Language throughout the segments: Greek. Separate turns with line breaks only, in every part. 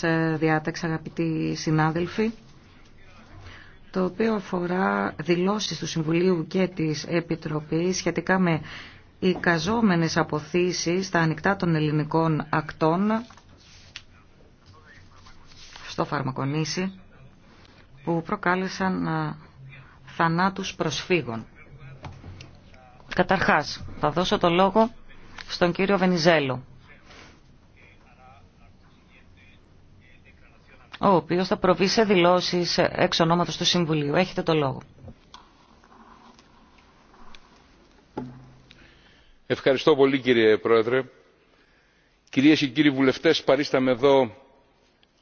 Ε, διάταξη, αγαπητοί συνάδελφοι, το οποίο αφορά δηλώσεις του Συμβουλίου και της Επιτροπής σχετικά με οι καζόμενες αποθήσεις στα ανοιχτά των ελληνικών ακτών στο Φαρμακονήσι που προκάλεσαν ε, θανάτους προσφύγων. Καταρχάς, θα δώσω το λόγο στον κύριο Βενιζέλο. ο οποίο θα προβεί σε δηλώσεις εξ ονόματο του Συμβουλίου. Έχετε το λόγο.
Ευχαριστώ πολύ κύριε Πρόεδρε. Κυρίες και κύριοι βουλευτές, παρίσταμε εδώ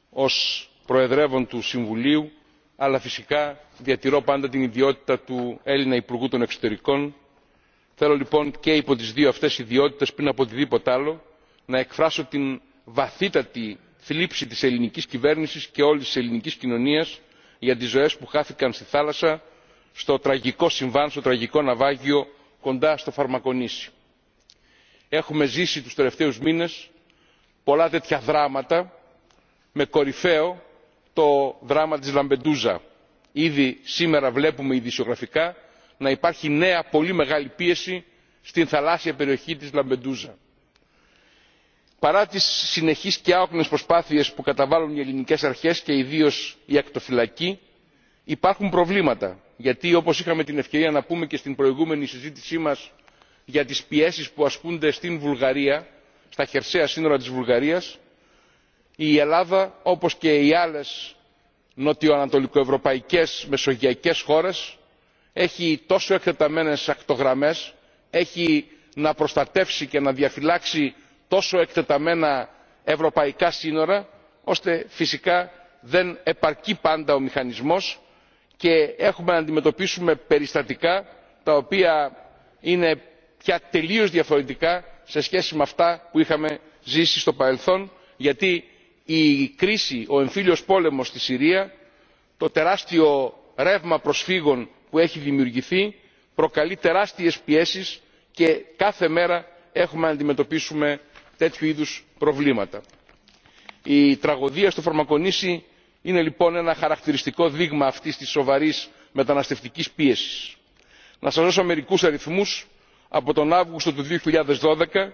ως Προεδρεύων του Συμβουλίου, αλλά φυσικά διατηρώ πάντα την ιδιότητα του Έλληνα Υπουργού των Εξωτερικών. Θέλω λοιπόν και υπό τις δύο αυτές ιδιότητες πριν από οτιδήποτε άλλο να εκφράσω την βαθύτατη θλίψη της ελληνικής κυβέρνησης και όλης της ελληνικής κοινωνίας για τις ζωές που χάθηκαν στη θάλασσα στο τραγικό συμβάν στο τραγικό ναυάγιο κοντά στο φαρμακονήσι. έχουμε ζήσει τους τελευταίους μήνες πολλά τέτοια δράματα με κορυφαίο το δράμα της λαμπεντούζα. ήδη σήμερα βλέπουμε ειδησιογραφικά να υπάρχει νέα πολύ μεγάλη πίεση στην θαλάσσια περιοχή της λαμπεντούζα παρά τις συνεχείς και άοκνες προσπάθειες που καταβάλουν οι ελληνικές αρχές και ιδίως η ακτοφυλακή υπάρχουν προβλήματα γιατί όπως είχαμε την ευκαιρία να πούμε και στην προηγούμενη συζήτησή μας για τις πιέσεις που ασκούνται στην βουλγαρία στα χερσαία σύνορα της βουλγαρίας η ελλάδα όπως και οι άλλες νοτιοανατολικοευρωπαϊκές μεσογειακές χώρες έχει τόσο εκτεταμένες ακτογραμμές έχει να προστατεύσει και να διαφυλάξει τόσο εκτεταμένα ευρωπαϊκά σύνορα ώστε φυσικά δεν επαρκεί πάντα ο μηχανισμός και έχουμε να αντιμετωπίσουμε περιστατικά τα οποία είναι πια τελείως διαφορετικά σε σχέση με αυτά που είχαμε ζήσει στο παρελθόν γιατί η κρίση ο εμφύλιος πόλεμος στη συρία το τεράστιο ρεύμα προσφύγων που έχει δημιουργηθεί προκαλεί τεράστιες πιέσεις και κάθε μέρα έχουμε να αντιμετωπίσουμε τέτοιου είδους προβλήματα. η τραγωδία στο φαρμακονήσι είναι λοιπόν ένα χαρακτηριστικό δείγμα αυτής της σοβαρής μεταναστευτικής πίεσης. να σας δώσω μερικούς αριθμούς από τον αύγουστο του 2012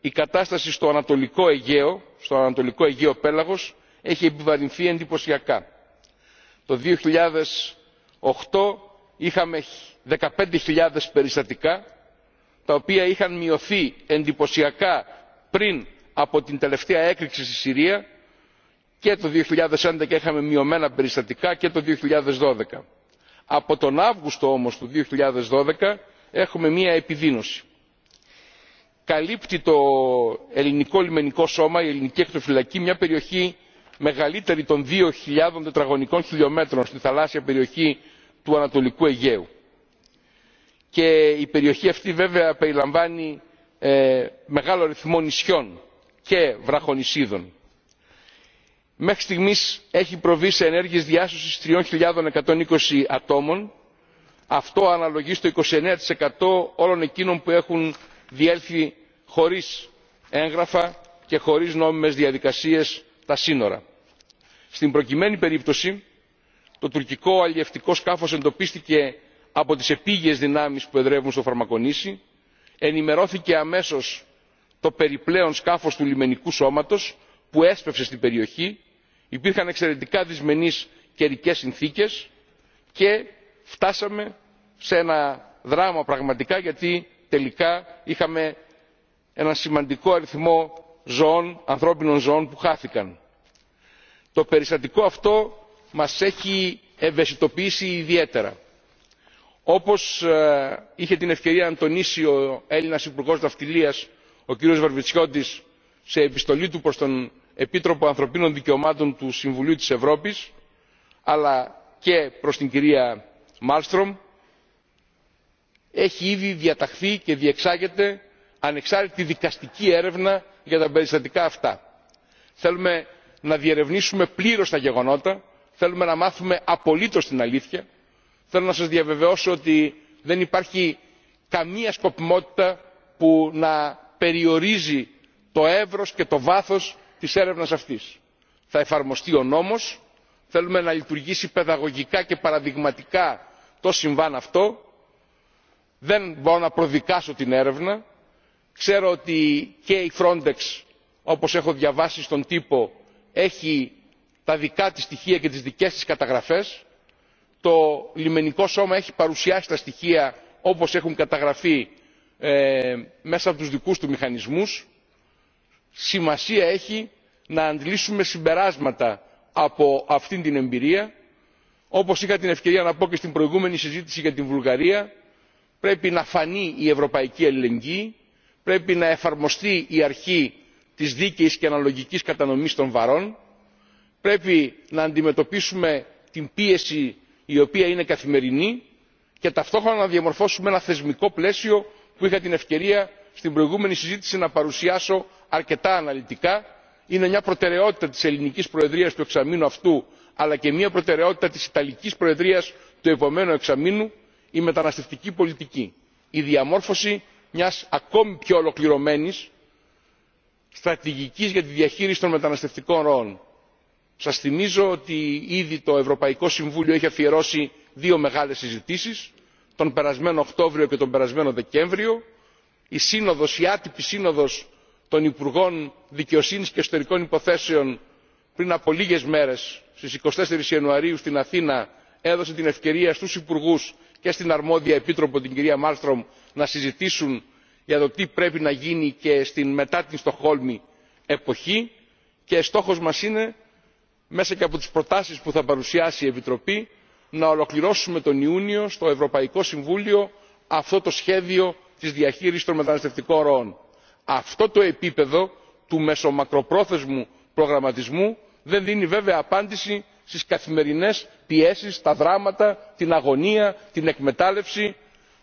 η κατάσταση στο ανατολικό αιγαίο, στο ανατολικό αιγαίο πέλαγος έχει επιβαρυνθεί εντυπωσιακά. Το 2008 είχαμε 15.000 περιστατικά τα οποία είχαν μειωθεί εντυπωσιακά πριν από την τελευταία έκρηξη στη συρία και το 2011 είχαμε μειωμένα περιστατικά και το. 2012. από τον αύγουστο όμως του 2012 έχουμε μια επιδείνωση. καλύπτει το ελληνικό λιμενικό σώμα η ελληνική εκτροφυλακη μια περιοχή μεγαλύτερη των 2.000 τετραγωνικών χιλιομέτρων στη θαλάσσια περιοχή του ανατολικού αιγαίου και η περιοχή αυτή βέβαια περιλαμβάνει ε, μεγάλο αριθμό νησιών και βραχονησίδων. Μέχρι στιγμής έχει προβεί σε ενέργειες διάσωσης 3.120 ατόμων. Αυτό αναλογεί στο 29% όλων εκείνων που έχουν διέλθει χωρίς έγγραφα και χωρίς νόμιμες διαδικασίες τα σύνορα. Στην προκειμένη περίπτωση το τουρκικό αλλιευτικό σκάφος εντοπίστηκε από τις επίγειες δυνάμεις που εδρεύουν στο φαρμακονήσι ενημερώθηκε αμέσως το περιπλέον σκάφος του λιμενικού σώματος που έσπευσε στην περιοχή υπήρχαν εξαιρετικά δυσμενείς καιρικές συνθήκες και φτάσαμε σε ένα δράμα πραγματικά γιατί τελικά είχαμε ένα σημαντικό αριθμό ζωών, ανθρώπινων ζωών που χάθηκαν. Το περιστατικό αυτό μας έχει ευαισθητοποιήσει ιδιαίτερα όπως ε, είχε την ευκαιρία να τονίσει ο έλληνας υπουργός ναυτιλίας ο κ. βαρβιτσιώτης σε επιστολή του προς τον επίτροπο ανθρωπίνων δικαιωμάτων του συμβουλίου της ευρώπης αλλά και προς την κυρία Μάλστρομ, έχει ήδη διαταχθεί και διεξάγεται ανεξάρτητη δικαστική έρευνα για τα περιστατικά αυτά. θέλουμε να διερευνήσουμε πλήρως τα γεγονότα θέλουμε να μάθουμε απολύτως την αλήθεια θέλω να σας διαβεβαιώσω ότι δεν υπάρχει καμία σκοπιμότητα που να περιορίζει το εύρος και το βάθος της έρευνας αυτής. θα εφαρμοστεί ο νόμος θέλουμε να λειτουργήσει παιδαγωγικά και παραδειγματικά το συμβάν αυτό δεν μπορώ να προδικάσω την έρευνα ξέρω ότι και η frontex όπως έχω διαβάσει στον τύπο έχει τα δικά της στοιχεία και τις δικές της καταγραφές το λιμενικό σώμα έχει παρουσιάσει τα στοιχεία όπως έχουν καταγραφεί ε, μέσα από τους δικούς του μηχανισμούς. σημασία έχει να αντλήσουμε συμπεράσματα από αυτήν την εμπειρία. όπως είχα την ευκαιρία να πω και στην προηγούμενη συζήτηση για την βουλγαρία πρέπει να φανεί η ευρωπαϊκή αλληλεγγύη πρέπει να εφαρμοστεί η αρχή της δίκαιης και αναλογικής κατανομής των βαρών πρέπει να αντιμετωπίσουμε την πίεση η οποία είναι καθημερινή και ταυτόχρονα να διαμορφώσουμε ένα θεσμικό πλαίσιο που είχα την ευκαιρία στην προηγούμενη συζήτηση να παρουσιάσω αρκετά αναλυτικά. είναι μια προτεραιότητα της ελληνικής προεδρίας του εξαμήνου αυτού αλλά και μια προτεραιότητα της ιταλικής προεδρίας του επόμενου εξαμήνου η μεταναστευτική πολιτική η διαμόρφωση μιας ακόμη πιο ολοκληρωμένης στρατηγικής για τη διαχείριση των μεταναστευτικών ροών σας θυμίζω ότι ήδη το ευρωπαϊκό συμβούλιο έχει αφιερώσει δύο μεγάλες συζητήσεις τον περασμένο οκτώβριο και τον περασμένο δεκέμβριο η σύνοδος η άτυπη σύνοδος των υπουργών δικαιοσύνης και εσωτερικών υποθέσεων πριν από λίγες μέρες στις 24 Ιανουαρίου στην Αθήνα έδωσε την ευκαιρία στους υπουργούς και στην αρμόδια επίτροπο την κυρία Μάλστρομ να συζητήσουν για το τι πρέπει να γίνει και στην μετά την Στοχόλμη εποχή και στόχος μας είναι μέσα και από τις προτάσεις που θα παρουσιάσει η επιτροπή να ολοκληρώσουμε τον ιούνιο στο ευρωπαϊκό συμβούλιο αυτό το σχέδιο της διαχείρισης των μεταναστευτικών ροών. αυτό το επίπεδο του μεσομακροπρόθεσμου προγραμματισμού δεν δίνει βέβαια απάντηση στις καθημερινές πιέσεις τα δράματα την αγωνία την εκμετάλλευση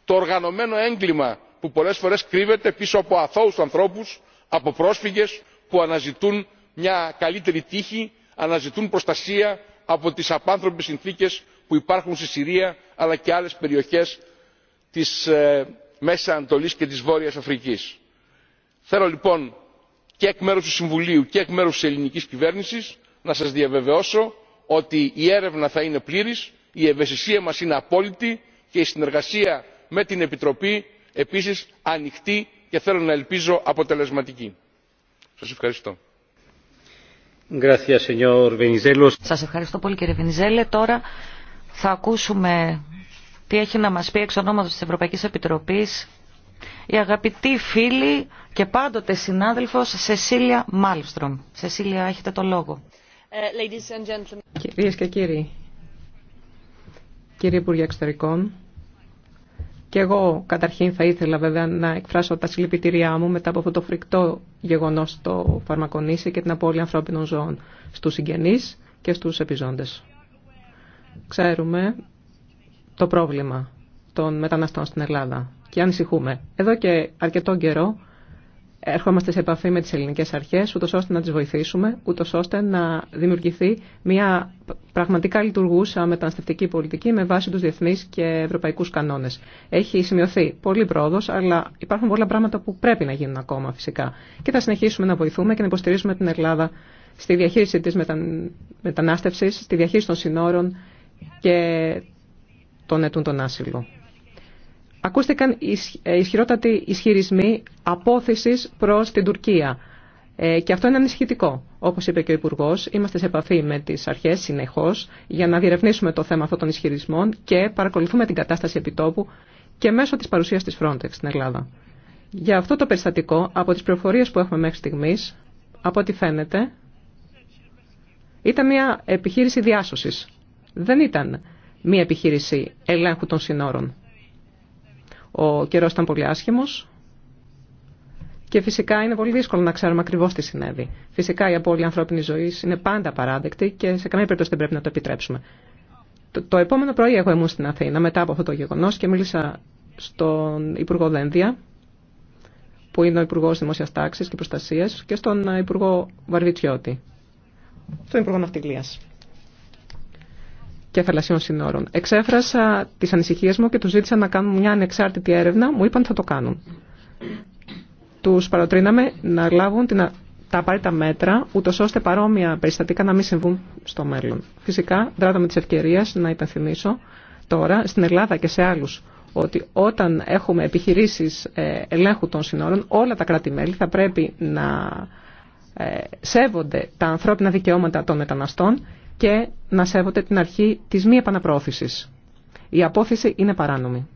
το οργανωμένο έγκλημα που πολλές φορές κρύβεται πίσω από αθώους ανθρώπους από πρόσφυγες που αναζητούν μια καλύτερη τύχη αναζητούν προστασία από τις απάνθρωπες συνθήκες που υπάρχουν στη συρία αλλά και άλλες περιοχές της ε, Μέσα ανατολής και της βόρειας αφρικής. θέλω λοιπόν και εκ μέρους του συμβουλίου και εκ μέρους της ελληνικής κυβέρνησης να σας διαβεβαιώσω ότι η έρευνα θα είναι πλήρης η ευαισθησία μας είναι απόλυτη και η συνεργασία με την επιτροπή επίσης ανοιχτή και θέλω να ελπίζω
αποτελεσματική. σας ευχαριστώ. Σας ευχαριστώ
πολύ κύριε Βενιζέλε. Τώρα θα ακούσουμε τι έχει να μας πει εξ ονόματος της Ευρωπαϊκής Επιτροπής η αγαπητή φίλη και πάντοτε συνάδελφος Σεσίλια Μάλστρομ. Σεσίλια, έχετε το λόγο. Ε,
Κυρίες και κύριοι, κύριε Υπουργέ Εξωτερικών, και εγώ καταρχήν θα ήθελα βέβαια να εκφράσω τα συλληπιτήριά μου μετά από αυτό το φρικτό γεγονός το φαρμακονήσι και την απώλεια ανθρώπινων ζώων στους συγγενείς και στους επιζώντες. Ξέρουμε το πρόβλημα των μεταναστών στην Ελλάδα και ανησυχούμε. Εδώ και αρκετό καιρό ερχόμαστε σε επαφή με τις ελληνικές αρχές, ούτως ώστε να τις βοηθήσουμε, ούτως ώστε να δημιουργηθεί μια πραγματικά λειτουργούσα μεταναστευτική πολιτική με βάση τους διεθνείς και ευρωπαϊκούς κανόνες. Έχει σημειωθεί πολύ πρόοδος, αλλά υπάρχουν πολλά πράγματα που πρέπει να γίνουν ακόμα φυσικά. Και θα συνεχίσουμε να βοηθούμε και να υποστηρίζουμε την Ελλάδα στη διαχείριση της μετανάστευσης, στη διαχείριση των συνόρων και των ετούντων άσυλων ακούστηκαν ε, ισχυρότατοι ισχυρισμοί απόθεση προ την Τουρκία. Ε, και αυτό είναι ανησυχητικό. όπω είπε και ο Υπουργό, είμαστε σε επαφή με τι αρχέ συνεχώ, για να διερευνήσουμε το θέμα αυτών των ισχυρισμών και παρακολουθούμε την κατάσταση επιτόπου και μέσω τη παρουσία τη Frontex στην Ελλάδα. Για αυτό το περιστατικό, από τι πληροφορίε που έχουμε μέχρι στιγμή, από ό,τι φαίνεται, ήταν μια επιχείρηση διάσωση. Δεν ήταν μια επιχείρηση ελέγχου των συνόρων. Ο καιρό ήταν πολύ άσχημο και φυσικά είναι πολύ δύσκολο να ξέρουμε ακριβώ τι συνέβη. Φυσικά η απώλεια ανθρώπινη ζωή είναι πάντα παράδεκτη και σε καμία περίπτωση δεν πρέπει να το επιτρέψουμε. Το, το επόμενο πρωί εγώ ήμουν στην Αθήνα μετά από αυτό το γεγονό και μίλησα στον Υπουργό Δένδια, που είναι ο Υπουργό Δημόσια Τάξη και Προστασία, και στον Υπουργό Βαρβιτσιώτη, στον Υπουργό Ναυτιλία και θαλασσίων συνόρων. Εξέφρασα τι ανησυχίε μου και του ζήτησα να κάνουν μια ανεξάρτητη έρευνα. Μου είπαν θα το κάνουν. Του παροτρύναμε να λάβουν την, τα απαραίτητα μέτρα, ούτω ώστε παρόμοια περιστατικά να μην συμβούν στο μέλλον. Φυσικά, δράταμε τη ευκαιρία να υπενθυμίσω τώρα στην Ελλάδα και σε άλλου ότι όταν έχουμε επιχειρήσει ε, ελέγχου των συνόρων, όλα τα κράτη-μέλη θα πρέπει να ε, σέβονται τα ανθρώπινα δικαιώματα των μεταναστών και να σέβονται την αρχή της μη επαναπρόθεση. Η απόθεση είναι παράνομη.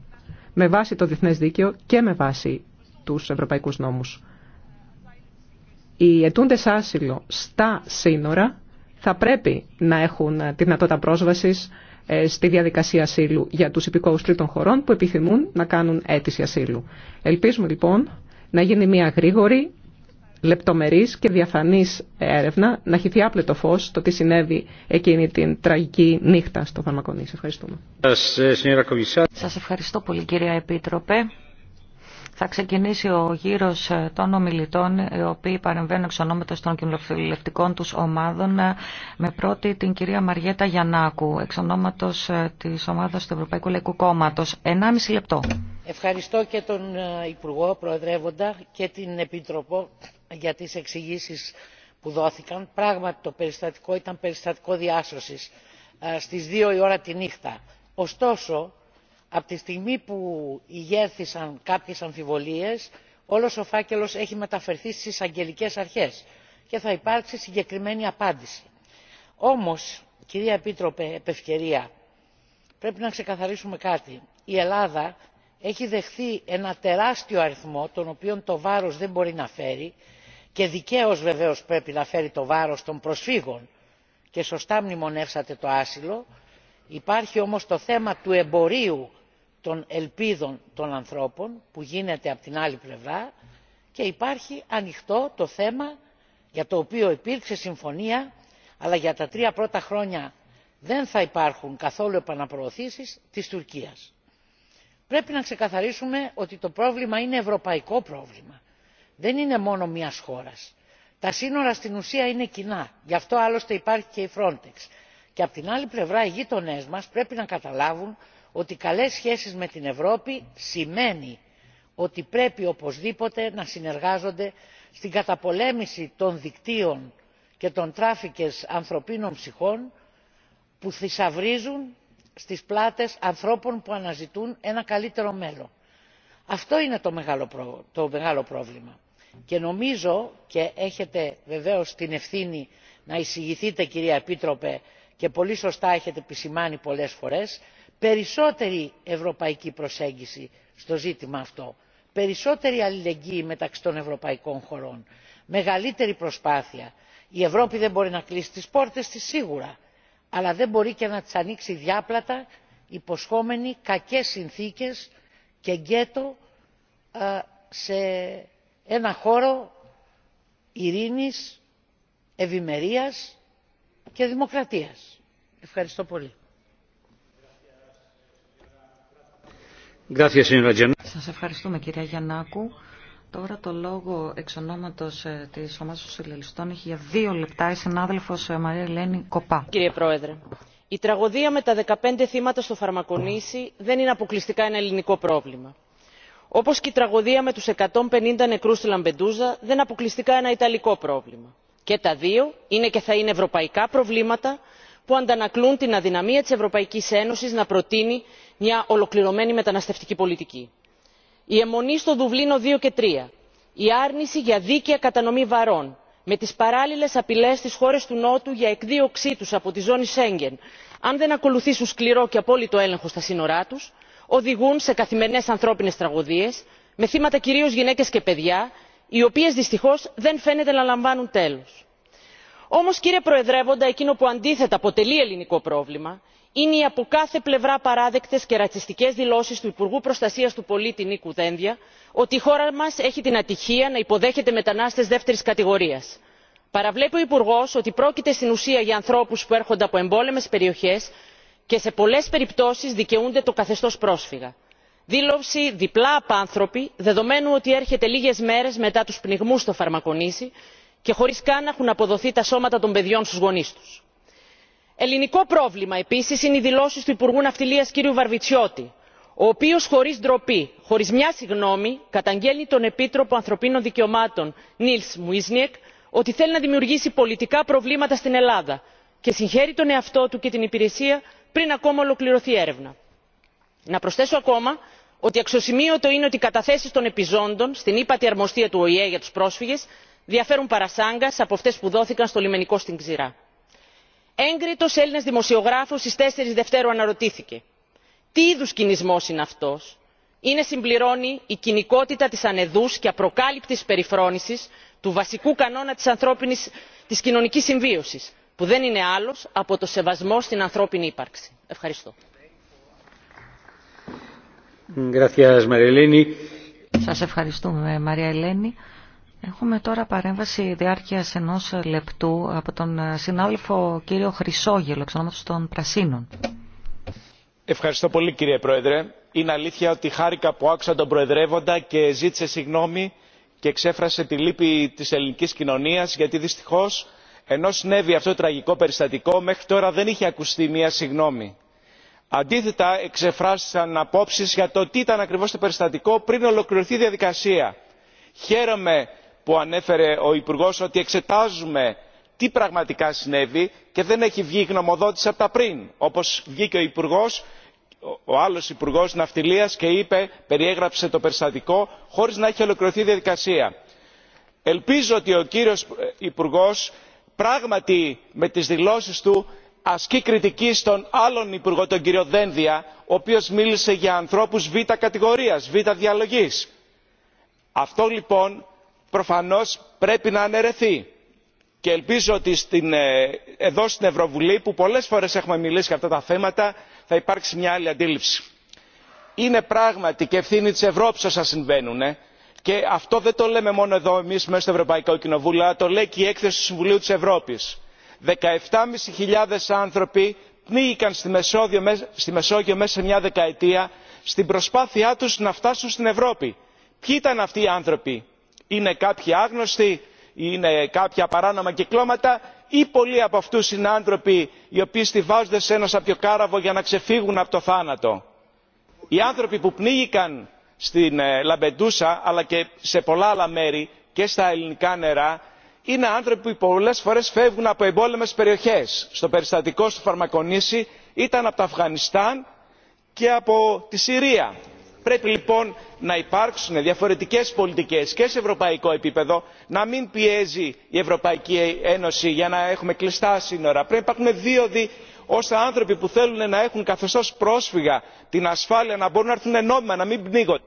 Με βάση το διεθνέ δίκαιο και με βάση τους ευρωπαϊκούς νόμους. Οι ετούντες άσυλο στα σύνορα θα πρέπει να έχουν τη δυνατότητα πρόσβαση ε, στη διαδικασία ασύλου για τους υπηκόους τρίτων χωρών που επιθυμούν να κάνουν αίτηση ασύλου. Ελπίζουμε λοιπόν να γίνει μια γρήγορη Λεπτομερή και διαφανή έρευνα να χυθεί άπλετο φω το τι συνέβη εκείνη την τραγική νύχτα στο Φαρμακονή. Σα ευχαριστούμε.
Σα ευχαριστώ πολύ κυρία Επίτροπε. Θα ξεκινήσει ο γύρο των ομιλητών, οι οποίοι παρεμβαίνουν εξ ονόματο των κοινοβουλευτικών του ομάδων, με πρώτη την κυρία Μαριέτα Γιαννάκου, εξ ονόματο της ομάδας του Ευρωπαϊκού Λαϊκού Κόμματος. Ενάμιση λεπτό.
Ευχαριστώ και τον ε, Υπουργό Προεδρεύοντα και την Επίτροπο για τι εξηγήσει που δόθηκαν. Πράγματι το περιστατικό ήταν περιστατικό διάσωση ε, στι 2 η ώρα τη νύχτα. Ωστόσο, από τη στιγμή που ηγέρθησαν κάποιε αμφιβολίε όλος ο φάκελο έχει μεταφερθεί στι εισαγγελικέ αρχές και θα υπάρξει συγκεκριμένη απάντηση. Όμω, κυρία Επίτροπε, επευκαιρία, πρέπει να ξεκαθαρίσουμε κάτι. Η Ελλάδα έχει δεχθεί ένα τεράστιο αριθμό, τον οποίο το βάρος δεν μπορεί να φέρει, και δικαίως βεβαίως πρέπει να φέρει το βάρος των προσφύγων και σωστά μνημονεύσατε το άσυλο υπάρχει όμως το θέμα του εμπορίου των ελπίδων των ανθρώπων που γίνεται από την άλλη πλευρά και υπάρχει ανοιχτό το θέμα για το οποίο υπήρξε συμφωνία αλλά για τα τρία πρώτα χρόνια δεν θα υπάρχουν καθόλου επαναπροωθήσεις της τουρκίας. πρέπει να ξεκαθαρίσουμε ότι το πρόβλημα είναι ευρωπαϊκό πρόβλημα δεν είναι μόνο μιας χώρας. τα σύνορα στην ουσία είναι κοινά γι' αυτό άλλωστε υπάρχει και η frontex και από την άλλη πλευρά οι γείτονές μας πρέπει να καταλάβουν ότι καλές σχέσεις με την ευρώπη σημαίνει ότι πρέπει οπωσδήποτε να συνεργάζονται στην καταπολέμηση των δικτύων και των τράφικες ανθρωπίνων ψυχών που θησαυρίζουν στις πλάτες ανθρώπων που αναζητούν ένα καλύτερο μέλλον. αυτό είναι το μεγάλο πρόβλημα και νομίζω και έχετε βεβαίως την ευθύνη να εισηγηθείτε κυρία επίτροπε και πολύ σωστά έχετε επισημάνει πολλές φορές περισσότερη ευρωπαϊκή προσέγγιση στο ζήτημα αυτό περισσότερη αλληλεγγύη μεταξύ των ευρωπαϊκών χωρών μεγαλύτερη προσπάθεια. η ευρώπη δεν μπορεί να κλείσει τις πόρτες της σίγουρα αλλά δεν μπορεί και να τις ανοίξει διάπλατα υποσχόμενη κακές συνθήκες και γκέτο σε ένα χώρο ειρήνης, ευημερίας και δημοκρατίας. Ευχαριστώ πολύ.
Σας
ευχαριστούμε κυρία
Γιαννάκου. Τώρα το λόγο
εξ ονόματος ε, της ομάδας των έχει για δύο λεπτά η συνάδελφος ε, Μαρία Ελένη Κοπά.
Κύριε Πρόεδρε, η τραγωδία με τα 15 θύματα στο Φαρμακονήσι δεν είναι αποκλειστικά ένα ελληνικό πρόβλημα όπω και η τραγωδία με τους 150 νεκρού στη Λαμπεντούζα δεν αποκλειστικά ένα ιταλικό πρόβλημα. Και τα δύο είναι και θα είναι ευρωπαϊκά προβλήματα που αντανακλούν την αδυναμία τη Ευρωπαϊκή Ένωση να προτείνει μια ολοκληρωμένη μεταναστευτική πολιτική. Η αιμονή στο Δουβλίνο 2 και 3, η άρνηση για δίκαια κατανομή βαρών, με τι παράλληλε απειλέ στι χώρε του νότου για εκδίωξή του από τη ζώνη σέγγεν αν δεν ακολουθήσουν σκληρό και απόλυτο έλεγχο στα σύνορά του οδηγούν σε καθημερινέ ανθρώπινε τραγωδίε με θύματα κυρίω γυναίκε και παιδιά οι οποίε δυστυχώ δεν φαίνεται να λαμβάνουν τέλο. Όμω, κύριε προεδρεύοντα εκείνο που αντίθετα αποτελεί ελληνικό πρόβλημα είναι οι από κάθε πλευρά παράδεκτε και ρατσιστικέ δηλώσει του υπουργού Προστασία του πολίτη νίκου δένδια ότι η χώρα μα έχει την ατυχία να υποδέχεται μετανάστε δεύτερη κατηγορία. παραβλέπει ο υπουργό ότι πρόκειται στην ουσία για ανθρώπου που έρχονται από εμπόλεμε περιοχέ και σε πολλές περιπτώσεις δικαιούνται το καθεστώς πρόσφυγα. δήλωση διπλά απάνθρωπη δεδομένου ότι έρχεται λίγες μέρες μετά τους πνιγμούς στο φαρμακονίσι και χωρίς καν να έχουν αποδοθεί τα σώματα των παιδιών στους γονείς τους. ελληνικό πρόβλημα επίσης είναι οι δηλώσεις του υπουργού ναυτιλίας κ. βαρβιτσιώτη ο οποίος χωρίς ντροπή χωρίς μια συγγνώμη καταγγέλνει τον επίτροπο ανθρωπίνων δικαιωμάτων Νιλ μουίζνιεκ ότι θέλει να δημιουργήσει πολιτικά προβλήματα στην ελλάδα και συγχαίρει τον εαυτό του και την υπηρεσία πριν ακόμα ολοκληρωθεί έρευνα. να προσθέσω ακόμα ότι αξιοσημείωτο είναι ότι οι καταθέσει των επιζώντων στην ύπατη αρμοστία του οηε για του πρόσφυγες διαφέρουν παρασάγκα από αυτέ που δόθηκαν στο λιμενικό στην ξηρά. Έγκριτο έλληνα δημοσιογράφος στις 4 δευτέρου αναρωτήθηκε τι είδου κινησμό είναι είναι αυτός; είναι συμπληρώνει η κοινικότητα τη ανεδού και απροκάλυπτης περιφρόνηση του βασικού κανόνα της κοινωνική συμβίωση που δεν είναι άλλος από το σεβασμό στην ανθρώπινη ύπαρξη. Ευχαριστώ.
Σας ευχαριστούμε Μαρία Ελένη. Έχουμε τώρα παρέμβαση διάρκειας ενός λεπτού από τον συνάδελφο κύριο Χρυσόγελο, εξονόματος των Πρασίνων.
Ευχαριστώ πολύ κύριε Πρόεδρε. Είναι αλήθεια ότι χάρηκα που άκουσα τον Προεδρεύοντα και ζήτησε συγγνώμη και εξέφρασε τη λύπη της ελληνικής κοινωνίας γιατί δυστυχώς ενώ συνέβη αυτό το τραγικό περιστατικό μέχρι τώρα δεν είχε ακουστεί μια συγγνώμη. αντίθετα εξεφράστησαν απόψεις για το τι ήταν ακριβώς το περιστατικό πριν ολοκληρωθεί η διαδικασία. χαίρομαι που ανέφερε ο υπουργός ότι εξετάζουμε τι πραγματικά συνέβη και δεν έχει βγει γνωμοδότηση από τα πριν όπως βγήκε ο υπουργός ο άλλος υπουργός ναυτιλίας και είπε περιέγραψε το περιστατικό χωρίς να έχει ολοκληρωθεί η διαδικασία. ελπίζω ότι ο κύριος Υπουργό πράγματι με τις δηλώσεις του ασκεί κριτική στον άλλον υπουργό τον κύριο δένδια ο οποίος μίλησε για ανθρώπους β' κατηγορίας β' διαλογής. αυτό λοιπόν προφανώς πρέπει να αναιρεθεί και ελπίζω ότι ε, εδώ στην ευρωβουλή που πολλές φορές έχουμε μιλήσει για αυτά τα θέματα θα υπάρξει μια άλλη αντίληψη. είναι πράγματι και ευθύνη της ευρώπης όσα συμβαίνουν και αυτό δεν το λέμε μόνο εδώ εμείς μέσα στο ευρωπαϊκό κοινοβούλιο αλλά το λέει και η έκθεση του συμβουλίου της ευρώπης. δεκαεπτά άνθρωποι πνίγηκαν στη μεσόγειο μέσα σε μια δεκαετία στην προσπάθειά τους να φτάσουν στην ευρώπη. ποιοι ήταν αυτοί οι άνθρωποι; είναι κάποιοι άγνωστοι; είναι κάποια παράνομα κυκλώματα; ή πολλοί από αυτούς είναι άνθρωποι οι οποίοι στηβάζονται σε ένα σαπιοκάραβο για να ξεφύγουν από το θάνατο; οι άνθρωποι που πνίγηκαν στην ε, λαμπεντούσα αλλά και σε πολλά άλλα μέρη και στα ελληνικά νερά είναι άνθρωποι που πολλές φορές φεύγουν από εμπόλεμες περιοχές. στο περιστατικό στο Φαρμακονήσι ήταν από το αφγανιστάν και από τη συρία. πρέπει λοιπόν να υπάρξουν διαφορετικές πολιτικές και σε ευρωπαϊκό επίπεδο να μην πιέζει η ευρωπαϊκή ένωση για να έχουμε κλειστά σύνορα. πρέπει να υπάρχουν δίωδοι ώστε άνθρωποι που θέλουν να έχουν καθεστώς πρόσφυγα την ασφάλεια να μπορούν να έρθουν νόμιμα να μην πνίγονται.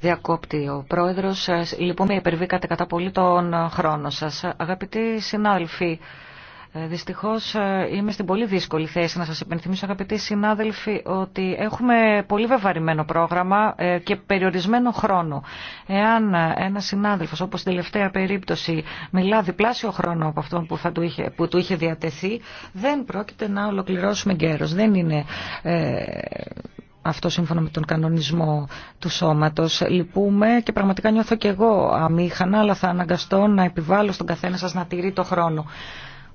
Διακόπτει ο πρόεδρος. Λυπούμε, λοιπόν, υπερβήκατε κατά πολύ τον χρόνο σας. Αγαπητοί συνάδελφοι, ε, Δυστυχώ ε, είμαι στην πολύ δύσκολη θέση να σας υπενθυμίσω αγαπητοί συνάδελφοι ότι έχουμε πολύ βεβαρημένο πρόγραμμα ε, και περιορισμένο χρόνο. Εάν ένα συνάδελφο όπω στην τελευταία περίπτωση μιλά διπλάσιο χρόνο από αυτό που, θα του, είχε, που του είχε διατεθεί δεν πρόκειται να ολοκληρώσουμε γέρος. Δεν είναι... αυτό σύμφωνα με τον κανονισμό του σώματος. Λυπούμε και πραγματικά νιώθω και εγώ αμήχανα, αλλά θα αναγκαστώ να επιβάλλω στον καθένα σας να τηρεί το χρόνο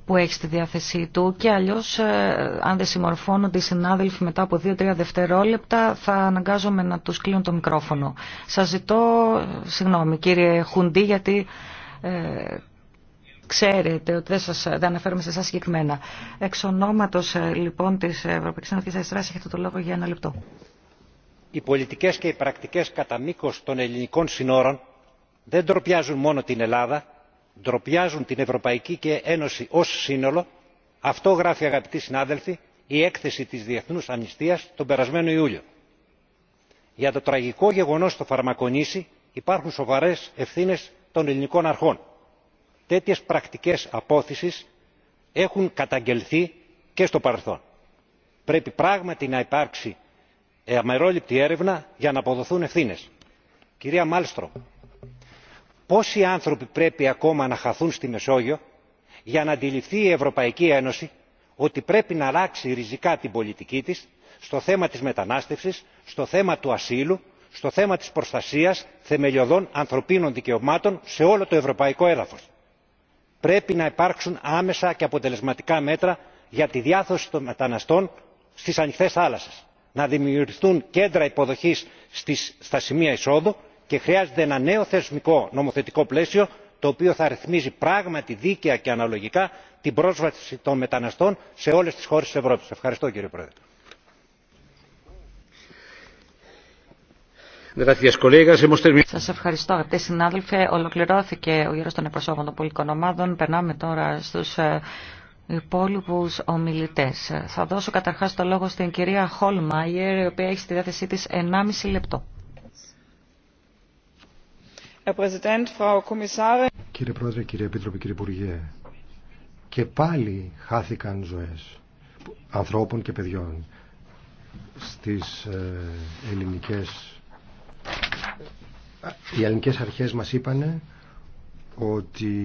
που έχει στη διάθεσή του και αλλιώς ε, αν δεν συμμορφώνονται οι συνάδελφοι μετά από 2-3 δευτερόλεπτα θα αναγκάζομαι να τους κλείνω το μικρόφωνο. Σας ζητώ ε, συγγνώμη κύριε Χουντή γιατί ε, ξέρετε ότι δεν, σας, δεν αναφέρομαι σε εσάς συγκεκριμένα. Εξ ονόματος λοιπόν της Ευρωπαϊκής Ανατολικής Αριστεράς έχετε το λόγο για ένα λεπτό.
Οι πολιτικές και οι πρακτικές κατά μήκο των ελληνικών συνόρων δεν τροπιάζουν μόνο την Ελλάδα, ντροπιάζουν την ευρωπαϊκή ένωση ως σύνολο αυτό γράφει αγαπητοί συνάδελφοι η έκθεση της διεθνούς αμνηστίας τον περασμένο ιούλιο. για το τραγικό γεγονός στο φαρμακονήσι υπάρχουν σοβαρές ευθύνες των ελληνικών αρχών. τέτοιες πρακτικές απόθησης έχουν καταγγελθεί και στο παρελθόν. πρέπει πράγματι να υπάρξει αμερόληπτη έρευνα για να αποδοθούν ευθύνες. κυρία μάλμστρομ πόσοι άνθρωποι πρέπει ακόμα να χαθούν στη μεσόγειο για να αντιληφθεί η ευρωπαϊκή ένωση ότι πρέπει να αλλάξει ριζικά την πολιτική τη στο θέμα τη μετανάστευση, στο θέμα του ασύλου στο θέμα τη προστασία θεμελιωδών ανθρωπίνων δικαιωμάτων σε όλο το ευρωπαϊκό Έδαφο. πρέπει να υπάρξουν άμεσα και αποτελεσματικά μέτρα για τη διάθεση των μεταναστών στι ανοιχτέ θάλασσε, να δημιουργηθούν κέντρα υποδοχή στα σημεία εισόδου και χρειάζεται ένα νέο θεσμικό νομοθετικό πλαίσιο το οποίο θα αριθμίζει πράγματι δίκαια και αναλογικά την πρόσβαση των μεταναστών σε όλες τις χώρες της ευρώπης. ευχαριστώ κύριε πρόεδρε.
Σα ευχαριστώ αγαπητέ συνάδελφοι. Ολοκληρώθηκε ο γύρος των εκπροσώπων των πολιτικών ομάδων. Περνάμε τώρα στου ε, υπόλοιπου ομιλητέ. Θα δώσω καταρχά το λόγο στην κυρία Χόλμαγερ, η οποία έχει στη διάθεσή τη 1,5 λεπτό.
Κύριε Πρόεδρε, κύριε Επίτροπε, κύριε Υπουργέ, και πάλι χάθηκαν ζωές ανθρώπων και παιδιών στις ε, ελληνικές ε, οι ελληνικές αρχές μας είπανε ότι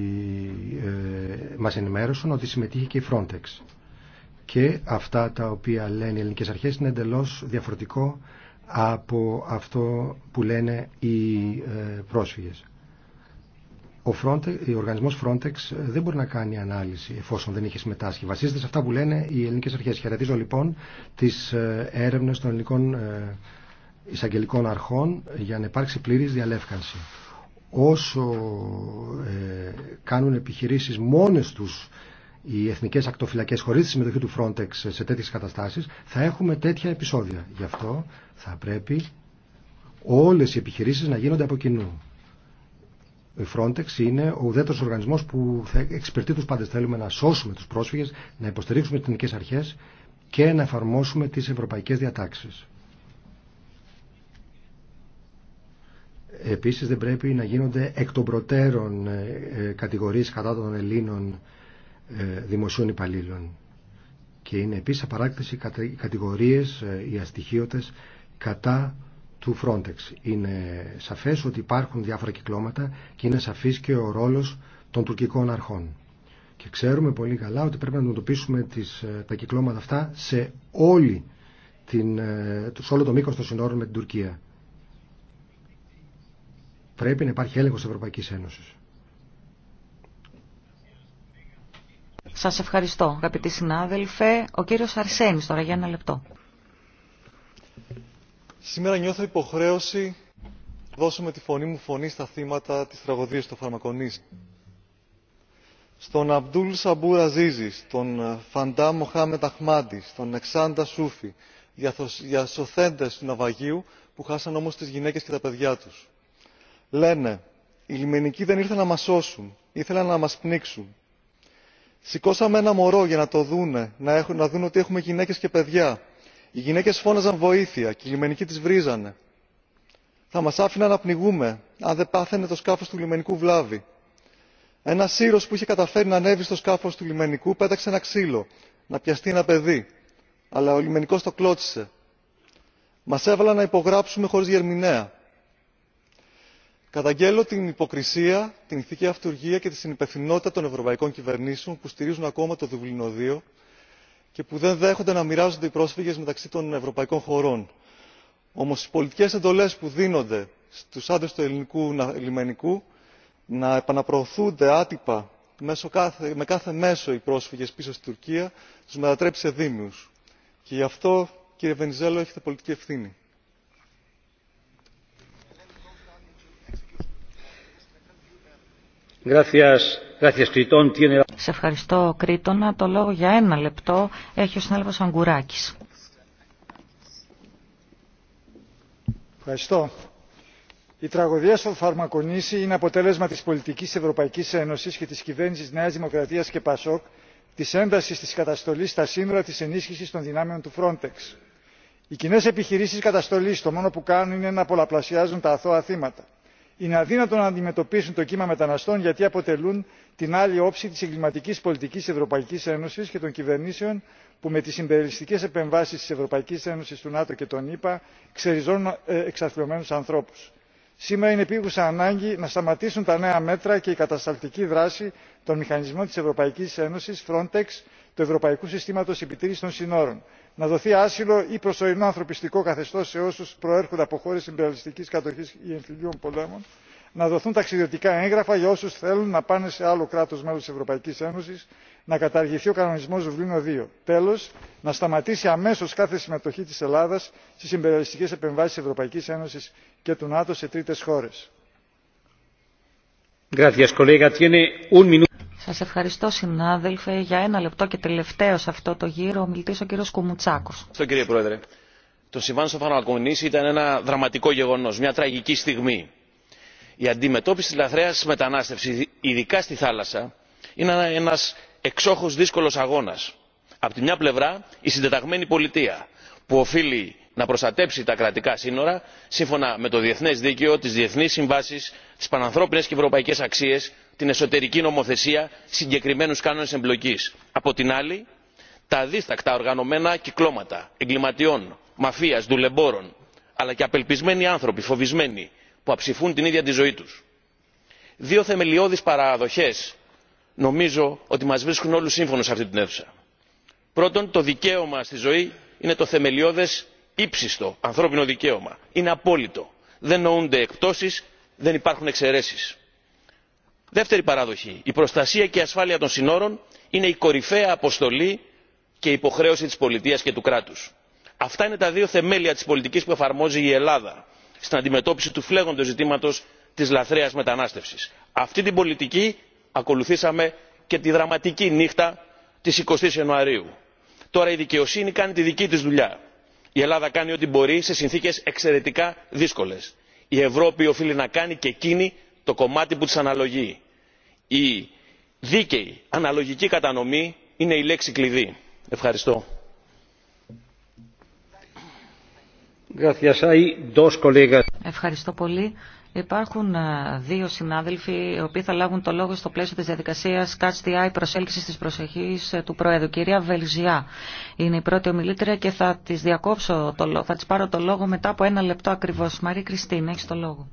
ε, μας ενημέρωσαν ότι συμμετείχε και η Frontex και αυτά τα οποία λένε οι ελληνικές αρχές είναι εντελώς διαφορετικό από αυτό που λένε οι ε, πρόσφυγες. Ο, Frontex, ο οργανισμός Frontex ε, δεν μπορεί να κάνει ανάλυση εφόσον δεν είχε συμμετάσχει. Βασίζεται σε αυτά που λένε οι ελληνικές αρχές. Χαιρετίζω λοιπόν τις ε, έρευνες των ελληνικών εισαγγελικών αρχών για να υπάρξει πλήρης διαλεύκανση. Όσο κάνουν επιχειρήσεις μόνες τους οι εθνικέ ακτοφυλακέ χωρί τη συμμετοχή του Frontex σε τέτοιε καταστάσει, θα έχουμε τέτοια επεισόδια. Γι' αυτό θα πρέπει όλε οι επιχειρήσει να γίνονται από κοινού. Ο Frontex είναι ο ουδέτερο οργανισμό που θα εξυπηρετεί του πάντε. Θέλουμε να σώσουμε του πρόσφυγε, να υποστηρίξουμε τι εθνικέ αρχέ και να εφαρμόσουμε τι ευρωπαϊκέ διατάξει. Επίσης δεν πρέπει να γίνονται εκ των προτέρων ε, ε, κατηγορίες κατά των Ελλήνων ε, δημοσίων υπαλλήλων. Και είναι επίσης απαράκτηση οι κατηγορίες, ε, οι αστοιχείωτες κατά του Frontex. Είναι σαφές ότι υπάρχουν διάφορα κυκλώματα και είναι σαφής και ο ρόλος των τουρκικών αρχών. Και ξέρουμε πολύ καλά ότι πρέπει να αντιμετωπίσουμε ε, τα κυκλώματα αυτά σε, όλη την, σε όλο το μήκος των συνόρων με την Τουρκία. Πρέπει να υπάρχει έλεγχος της Ευρωπαϊκής Ένωσης.
Σας ευχαριστώ, αγαπητοί συνάδελφε. Ο κύριος Αρσένης τώρα για ένα λεπτό.
Σήμερα νιώθω υποχρέωση δώσουμε τη φωνή μου φωνή στα θύματα της τραγωδίας του Φαρμακονής. Στον Αμπτούλ Σαμπούρα Ζίζη, τον Φαντά Μοχάμετ Αχμάντη, στον Εξάντα Σούφη, για σωθέντες του ναυαγίου που χάσαν όμως τις γυναίκες και τα παιδιά τους. Λένε, οι λιμενικοί δεν ήρθαν να μας σώσουν, ήθελαν να μας πνίξουν σηκώσαμε ένα μωρό για να το δούνε να δουν ότι έχουμε γυναίκες και παιδιά. οι γυναίκες φώναζαν βοήθεια και οι λιμενικοί τις βρίζανε. θα μας άφηναν να πνιγούμε αν δεν πάθαινε το σκάφος του λιμενικού βλάβη. Ένα σύρο που είχε καταφέρει να ανέβει στο σκάφος του λιμενικού πέταξε ένα ξύλο να πιαστεί ένα παιδί αλλά ο λιμενικός το κλώτσισε. μας έβαλαν να υπογράψουμε χωρίς γερμηνέα καταγγέλλω την υποκρισία την ηθική αυτουργία και τη συνυπευθυνότητα των ευρωπαϊκών κυβερνήσεων που στηρίζουν ακόμα το δουβλίνο ii και που δεν δέχονται να μοιράζονται οι πρόσφυγες μεταξύ των ευρωπαϊκών χωρών. Όμω, οι πολιτικέ εντολέ που δίνονται στου άντρε του ελληνικού λιμενικού να επαναπροωθούνται άτυπα με κάθε μέσο οι πρόσφυγέ πίσω στην τουρκία του μετατρέπει σε δίμιους. και γι' αυτό κύριε βενιζέλο έχετε πολιτική ευθύνη.
Σε ευχαριστώ Κρήτονα. Το λόγο
για ένα λεπτό έχει ο συνάδελφος Αγκουράκης.
Ευχαριστώ. Η τραγωδία στο Φαρμακονήσι είναι αποτέλεσμα της πολιτικής Ευρωπαϊκής Ένωσης και της κυβέρνησης Νέας Δημοκρατίας και ΠΑΣΟΚ της έντασης της καταστολής στα σύνορα της ενίσχυσης των δυνάμεων του Frontex. Οι κοινέ επιχειρήσεις καταστολής το μόνο που κάνουν είναι να πολλαπλασιάζουν τα αθώα θύματα είναι αδύνατο να αντιμετωπίσουν το κύμα μεταναστών γιατί αποτελούν την άλλη όψη της εγκληματικής πολιτικής της ευρωπαϊκής ένωσης και των κυβερνήσεων που με τις συμπεριαλιστικές επεμβάσεις της ευρωπαϊκής ένωσης του νατο και των ηπα ξεριζώνουν ε, εξαθλιωμένους ανθρώπους. σήμερα είναι επίγουσα ανάγκη να σταματήσουν τα νέα μέτρα και η κατασταλτική δράση των μηχανισμών της ευρωπαϊκής ένωσης frontex του ευρωπαϊκού συστήματο επιτήρηση των συνόρων να δοθεί άσυλο ή προσωρινό ανθρωπιστικό καθεστώ σε όσου προέρχονται από χώρε υπεριαλιστική κατοχή ή εμφυλίων πολέμων να δοθούν ταξιδιωτικά έγγραφα για όσου θέλουν να πάνε σε άλλο κράτο μέλο τη ευρωπαϊκή ένωση να καταργηθεί ο κανονισμό δουβλίνο 2. τέλο να σταματήσει αμέσω κάθε συμμετοχή τη ελλάδα στι υπεριαλιστικέ επεμβάσει τη ευρωπαϊκή ένωση και του νάτο σε τρίτε χώρε.
Σας ευχαριστώ συνάδελφε για ένα λεπτό και τελευταίο σε αυτό το γύρο ο μιλητής ο κύριος Κουμουτσάκος.
Ευχαριστώ κύριε Πρόεδρε. Το συμβάν στο Φανακονής ήταν ένα δραματικό γεγονός, μια τραγική στιγμή. Η αντιμετώπιση της λαθρέας μετανάστευσης, ειδικά στη θάλασσα, είναι ένας εξόχως δύσκολος αγώνας. Απ' τη μια πλευρά η συντεταγμένη πολιτεία που οφείλει να προστατέψει τα κρατικά σύνορα σύμφωνα με το διεθνές δίκαιο τις διεθνείς συμβάσεις τις πανανθρώπινες και ευρωπαϊκές αξίες την εσωτερική νομοθεσία συγκεκριμένους κανόνες εμπλοκής. από την άλλη τα αδίστακτα οργανωμένα κυκλώματα εγκληματιών μαφίας δουλεμπόρων αλλά και απελπισμένοι άνθρωποι φοβισμένοι που αψηφούν την ίδια τη ζωή τους. δύο θεμελιώδεις παραδοχές νομίζω ότι μας βρίσκουν όλους σύμφωνο σε αυτή την αίθουσα. πρώτον το δικαίωμα στη ζωή είναι το θεμελιώδες ύψιστο ανθρώπινο δικαίωμα. είναι απόλυτο. δεν νοούνται εκπτώσεις δεν υπάρχουν εξαιρέσεις δεύτερη παράδοχη η προστασία και η ασφάλεια των συνόρων είναι η κορυφαία αποστολή και υποχρέωση της πολιτείας και του κράτους. αυτά είναι τα δύο θεμέλια της πολιτικής που εφαρμόζει η ελλάδα στην αντιμετώπιση του φλέγοντος ζητήματος της λαθρέας μετανάστευσης. αυτή την πολιτική ακολουθήσαμε και τη δραματική νύχτα της 20ης Ιανουαρίου. Τώρα η δικαιοσύνη κάνει τη δική της δουλειά. Η Ελλάδα κάνει ό,τι μπορεί σε συνθήκες εξαιρετικά δύσκολες. Η Ευρώπη οφείλει να κάνει και εκείνη το κομμάτι που της αναλογεί. η δίκαιη αναλογική κατανομή είναι η λέξη
κλειδί. ευχαριστώ.
Ευχαριστώ πολύ. Υπάρχουν ε, δύο συνάδελφοι οι οποίοι θα λάβουν το λόγο στο πλαίσιο της διαδικασίας Catch the Eye προσέλκυσης της Προσεχής ε, του Προέδρου. Κυρία Βελζιά είναι η πρώτη ομιλήτρια και θα της, διακόψω το, θα της πάρω το λόγο μετά από ένα λεπτό ακριβώς. Μαρή Κριστίν, έχεις το λόγο.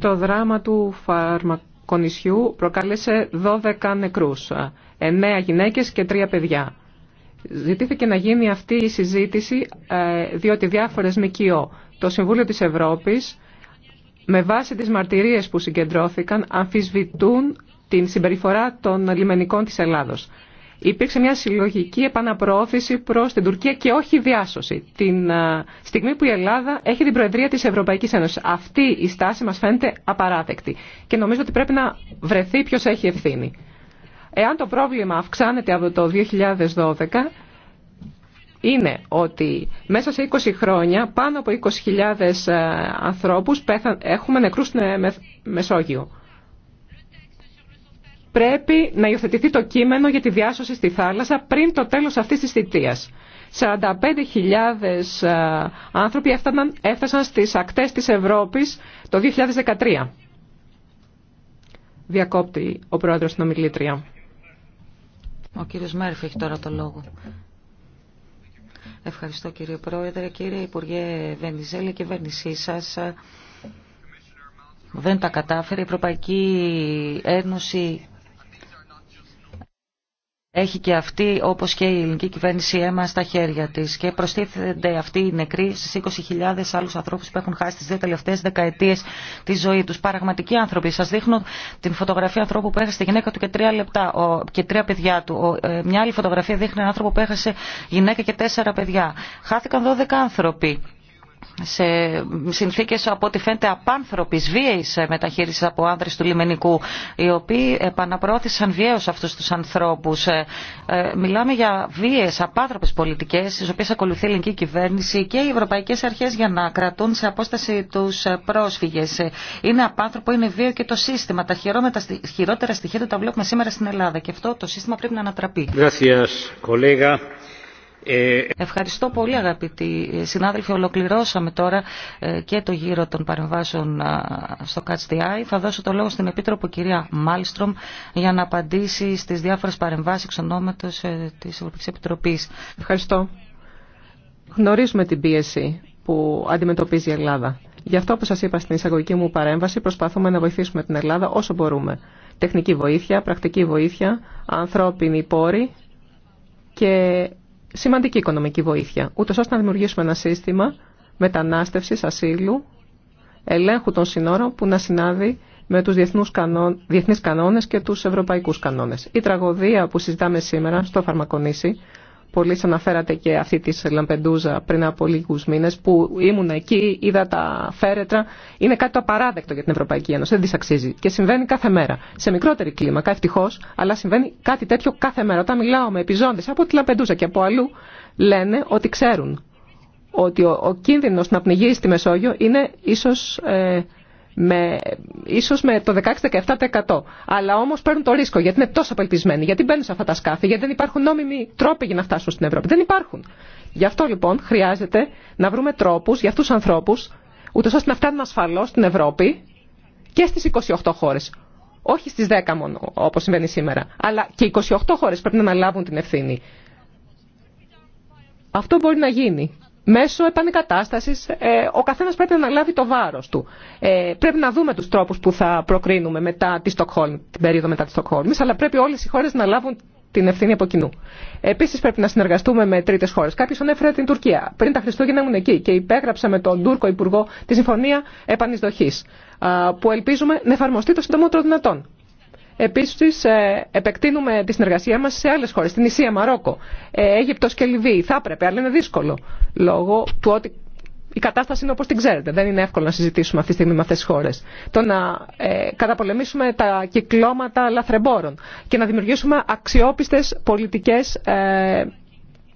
Το δράμα
του φαρμακονισιού προκάλεσε 12 νεκρούς, 9 ε, γυναίκες και 3 παιδιά. Ζητήθηκε να γίνει αυτή η συζήτηση ε, διότι διάφορες ΜΚΟ, το Συμβούλιο της Ευρώπης, με βάση τις μαρτυρίες που συγκεντρώθηκαν, αμφισβητούν την συμπεριφορά των λιμενικών της Ελλάδος υπήρξε μια συλλογική επαναπροώθηση προς την Τουρκία και όχι διάσωση. Την ε, στιγμή που η Ελλάδα έχει την Προεδρία της Ευρωπαϊκής Ένωσης. Αυτή η στάση μας φαίνεται απαράδεκτη και νομίζω ότι πρέπει να βρεθεί ποιος έχει ευθύνη. Εάν το πρόβλημα αυξάνεται από το 2012 είναι ότι μέσα σε 20 χρόνια πάνω από 20.000 ε, ανθρώπους έχουμε νεκρούς στην ε, Μεσόγειο πρέπει να υιοθετηθεί το κείμενο για τη διάσωση στη θάλασσα πριν το τέλος αυτής της θητείας. 45.000 ε, άνθρωποι έφταναν, έφτασαν στις ακτές της Ευρώπης το 2013. Διακόπτει ο πρόεδρος στην ομιλήτρια.
Ο κύριος Μέρφη έχει τώρα το λόγο. Ευχαριστώ κύριε Πρόεδρε. Κύριε Υπουργέ Βενιζέλη, η κυβέρνησή σας ε, δεν τα κατάφερε. Η Ευρωπαϊκή Ένωση έχει και αυτή, όπως και η ελληνική κυβέρνηση, αίμα στα χέρια της. Και προστίθενται αυτοί οι νεκροί στις 20.000 άλλους ανθρώπους που έχουν χάσει τις δύο τελευταίες δεκαετίες τη ζωή τους. Παραγματικοί άνθρωποι. Σας δείχνω την φωτογραφία ανθρώπου που έχασε τη γυναίκα του και τρία, λεπτά, και τρία παιδιά του. Ε, μια άλλη φωτογραφία δείχνει έναν άνθρωπο που έχασε γυναίκα και τέσσερα παιδιά. Χάθηκαν 12 άνθρωποι σε συνθήκες από ό,τι φαίνεται απάνθρωπης βίαιης μεταχείρισης από άνδρες του λιμενικού οι οποίοι επαναπρόθεσαν βίαιως αυτούς τους ανθρώπους ε, ε, μιλάμε για βίαιες απάνθρωπες πολιτικές τις οποίες ακολουθεί η ελληνική κυβέρνηση και οι ευρωπαϊκές αρχές για να κρατούν σε απόσταση τους πρόσφυγες είναι απάνθρωπο, είναι βίαιο και το σύστημα τα χειρότερα στοιχεία του τα βλέπουμε σήμερα στην Ελλάδα και αυτό το σύστημα πρέπει να ανατραπεί. Ε, Ευχαριστώ πολύ αγαπητοί συνάδελφοι. Ολοκληρώσαμε τώρα ε, και το γύρο των παρεμβάσεων στο Catch Θα δώσω το λόγο στην Επίτροπο κυρία Μάλστρομ για να απαντήσει στις διάφορες παρεμβάσεις
ονόματος ε, της Ευρωπαϊκής Επιτροπής. Ευχαριστώ. Γνωρίζουμε την πίεση που αντιμετωπίζει η Ελλάδα. Γι' αυτό, όπως σας είπα στην εισαγωγική μου παρέμβαση, προσπαθούμε να βοηθήσουμε την Ελλάδα όσο μπορούμε. Τεχνική βοήθεια, πρακτική βοήθεια, ανθρώπινη πόρη και σημαντική οικονομική βοήθεια, ούτως ώστε να δημιουργήσουμε ένα σύστημα μετανάστευσης, ασύλου, ελέγχου των συνόρων που να συνάδει με τους διεθνούς κανόν, διεθνείς κανόνες και τους ευρωπαϊκούς κανόνες. Η τραγωδία που συζητάμε σήμερα στο Φαρμακονήσι Πολλοί αναφέρατε και αυτή τη Λαμπεντούζα πριν από λίγους μήνες που ήμουν εκεί, είδα τα φέρετρα. Είναι κάτι το απαράδεκτο για την Ευρωπαϊκή Ένωση, δεν τη αξίζει. Και συμβαίνει κάθε μέρα. Σε μικρότερη κλίμακα, ευτυχώ, αλλά συμβαίνει κάτι τέτοιο κάθε μέρα. Όταν μιλάω με επιζώντες από τη Λαμπεντούζα και από αλλού, λένε ότι ξέρουν ότι ο, ο κίνδυνος να πνιγεί στη Μεσόγειο είναι ίσω. Ε, με, ίσως με το 16-17%. Αλλά όμως παίρνουν το ρίσκο γιατί είναι τόσο απελπισμένοι, γιατί μπαίνουν σε αυτά τα σκάφη, γιατί δεν υπάρχουν νόμιμοι τρόποι για να φτάσουν στην Ευρώπη. Δεν υπάρχουν. Γι' αυτό λοιπόν χρειάζεται να βρούμε τρόπους για αυτούς τους ανθρώπους, ούτως ώστε να φτάνουν ασφαλώς στην Ευρώπη και στις 28 χώρες. Όχι στις 10 μόνο όπως συμβαίνει σήμερα, αλλά και 28 χώρες πρέπει να αναλάβουν την ευθύνη. Αυτό μπορεί να γίνει μέσω επανεκατάστασης ε, ο καθένας πρέπει να αναλάβει το βάρος του. Ε, πρέπει να δούμε τους τρόπους που θα προκρίνουμε μετά τη Στοκχόλμη, την περίοδο μετά τη Στοκχόλμη, αλλά πρέπει όλες οι χώρες να λάβουν την ευθύνη από κοινού. Επίση, πρέπει να συνεργαστούμε με τρίτε χώρε. Κάποιο ανέφερε την Τουρκία. Πριν τα Χριστούγεννα ήμουν εκεί και υπέγραψα με τον Τούρκο Υπουργό τη Συμφωνία Επανεισδοχή, που ελπίζουμε να εφαρμοστεί το συντομότερο δυνατόν. Επίσης, ε, επεκτείνουμε τη συνεργασία μα σε άλλε χώρε. στην Ισία, Μαρόκο, ε, Αίγυπτος και Λιβύη. Θα έπρεπε, αλλά είναι δύσκολο, λόγω του ότι η κατάσταση είναι όπω την ξέρετε. Δεν είναι εύκολο να συζητήσουμε αυτή τη στιγμή με αυτέ τι χώρες. Το να ε, καταπολεμήσουμε τα κυκλώματα λαθρεμπόρων και να δημιουργήσουμε αξιόπιστε πολιτικέ ε,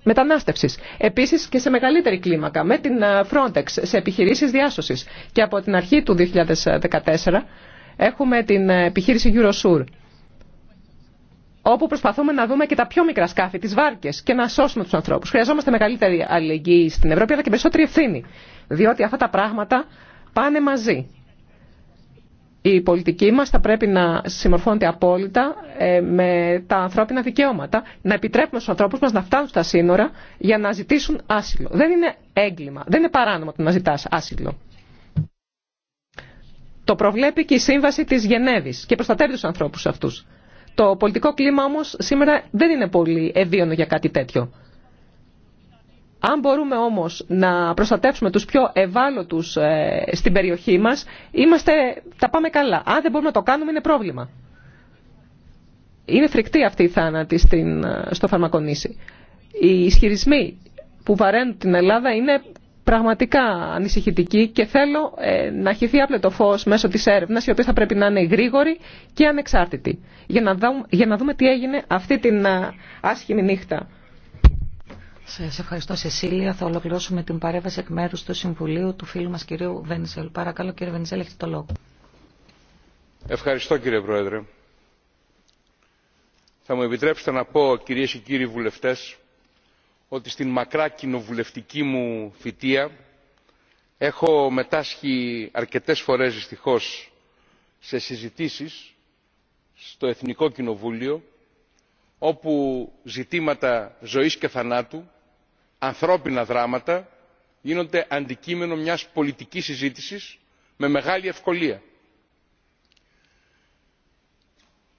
μετανάστευση. Επίσης και σε μεγαλύτερη κλίμακα, με την ε, Frontex, σε επιχειρήσει διάσωση Και από την αρχή του 2014 Έχουμε την ε, επιχείρηση Eurosur, όπου προσπαθούμε να δούμε και τα πιο μικρά σκάφη, τις βάρκες και να σώσουμε τους ανθρώπους. Χρειαζόμαστε μεγαλύτερη αλληλεγγύη στην Ευρώπη, αλλά και περισσότερη ευθύνη, διότι αυτά τα πράγματα πάνε μαζί. Η πολιτική μας θα πρέπει να συμμορφώνεται απόλυτα ε, με τα ανθρώπινα δικαιώματα, να επιτρέπουμε στους ανθρώπους μας να φτάνουν στα σύνορα για να ζητήσουν άσυλο. Δεν είναι έγκλημα, δεν είναι παράνομο το να ζητάς άσυλο. Το προβλέπει και η Σύμβαση της Γενέβης και προστατεύει τους ανθρώπους αυτούς. Το πολιτικό κλίμα όμω σήμερα δεν είναι πολύ ευίωνο για κάτι τέτοιο. Αν μπορούμε όμως να προστατεύσουμε τους πιο ευάλωτους ε, στην περιοχή μας, είμαστε, τα πάμε καλά. Αν δεν μπορούμε να το κάνουμε είναι πρόβλημα. Είναι φρικτή αυτή η θάνατη στην, ε, στο φαρμακονήσι. Οι ισχυρισμοί που βαραίνουν την Ελλάδα είναι πραγματικά ανησυχητική και θέλω ε, να χυθεί το φως μέσω της έρευνας, η οποία θα πρέπει να είναι γρήγορη και ανεξάρτητη, για να, δούμε, για να δούμε τι έγινε αυτή την ε, άσχημη νύχτα.
Σας ευχαριστώ Σεσίλια. Θα ολοκληρώσουμε την παρέμβαση εκ μέρου του Συμβουλίου του φίλου μα κυρίου Βενιζέλ. Παρακαλώ κύριε Βενιζέλ, έχετε το λόγο.
Ευχαριστώ κύριε Πρόεδρε. Θα μου επιτρέψετε να πω κυρίε και κύριοι βουλευτέ ότι στην μακρά κοινοβουλευτική μου θητεία έχω μετάσχει αρκετές φορές δυστυχώς σε συζητήσεις στο εθνικό κοινοβούλιο όπου ζητήματα ζωής και θανάτου ανθρώπινα δράματα γίνονται αντικείμενο μιας πολιτικής συζήτησης με μεγάλη ευκολία.